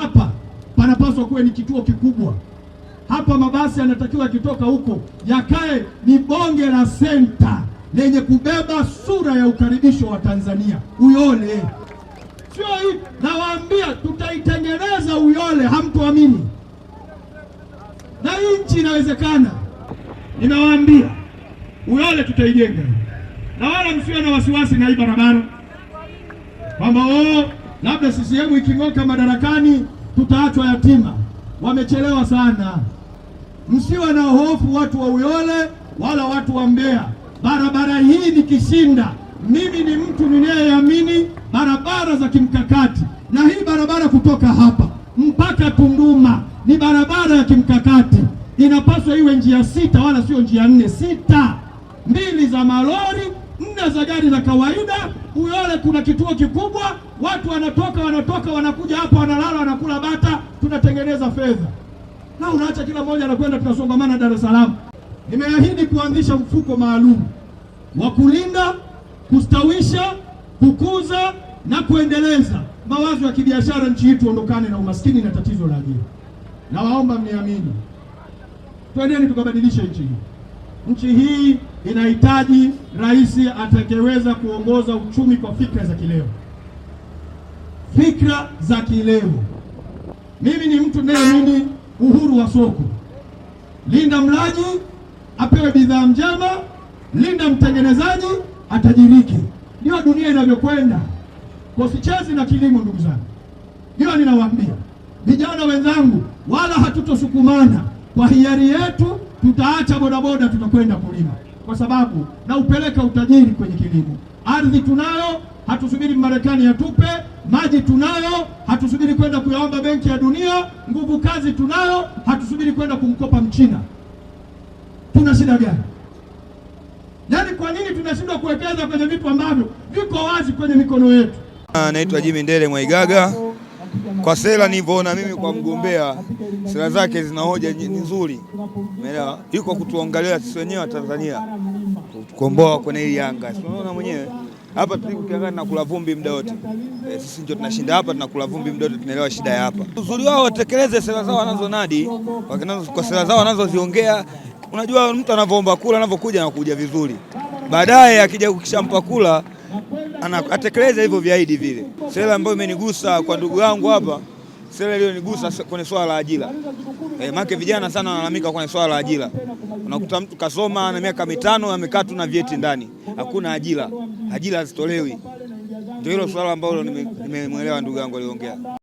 hapa panapaswa kuwe ni kituo kikubwa. Hapa mabasi yanatakiwa yakitoka huko yakae ni bonge la senta lenye kubeba sura ya ukaribisho wa Tanzania. Uyole sio hii, nawaambia tutaitengeneza Uyole, hamtuamini na hii nchi inawezekana. Ninawaambia Uyole tutaijenga, na wala msiwe na wasiwasi na hii barabara kwamba oo oh, labda CCM iking'oka madarakani tutaachwa yatima. Wamechelewa sana, msiwe na hofu watu wa Uyole wala watu wa Mbeya. Barabara hii nikishinda mimi ni mtu ninayeamini barabara za kimkakati, na hii barabara kutoka hapa mpaka Tunduma ni barabara ya kimkakati, inapaswa iwe njia sita wala sio njia nne. Sita, mbili za malori, nne za gari za kawaida Uyole kuna kituo kikubwa, watu wanatoka wanatoka wanakuja hapa wanalala wanakula bata, tunatengeneza fedha na unaacha kila mmoja anakwenda, tunasongamana Dar es Salaam. Nimeahidi kuanzisha mfuko maalum wa kulinda, kustawisha, kukuza na kuendeleza mawazo ya kibiashara nchi yetu, ondokane na umaskini na tatizo la ajira. Nawaomba mniamini, twendeni tukabadilishe nchi hii. Nchi hii inahitaji rais atakayeweza kuongoza uchumi kwa fikra za kileo, fikra za kileo. Mimi ni mtu nayeamini uhuru wa soko, linda mlaji apewe bidhaa njema, linda mtengenezaji atajiriki. ndio dunia inavyokwenda, kosichezi na kilimo. Ndugu zangu, ndiyo ninawaambia vijana wenzangu, wala hatutosukumana kwa hiari yetu, tutaacha bodaboda, tutakwenda kulima kwa sababu na upeleka utajiri kwenye kilimo. Ardhi tunayo, hatusubiri Marekani yatupe. Maji tunayo, hatusubiri kwenda kuyaomba benki ya Dunia. Nguvu kazi tunayo, hatusubiri kwenda kumkopa Mchina. Tuna shida gani? Yaani, kwa nini tunashindwa kuwekeza kwenye vitu ambavyo viko wazi kwenye mikono yetu? Naitwa Jimmy Ndele Mwaigaga kwa sera nilivyoona mimi kwa mgombea, sera zake zina hoja nzuri, umeelewa? Yuko kutuangalia sisi wenyewe Tanzania, kukomboa kwenye hii Yanga. Unaona mwenyewe hapa na kula vumbi muda wote e, sisi ndio tunashinda hapa, tunakula vumbi muda wote, tunaelewa shida ya hapa. Uzuri wao watekeleze sera zao wanazonadi kwa sera zao wanazoziongea. Unajua mtu anavyoomba kula anavyokuja anakuja vizuri, baadaye akija ukishampa kula atekeleza hivyo viahidi vile. Sera ambayo imenigusa kwa ndugu yangu hapa, sera iliyonigusa kwenye swala la ajira e, vijana sana wanalalamika kwenye swala la ajira. Unakuta mtu kasoma na miaka mitano amekaa tu na vyeti ndani, hakuna ajira, ajira hazitolewi. Ndio hilo swala ambalo nimemwelewa ndugu yangu aliongea.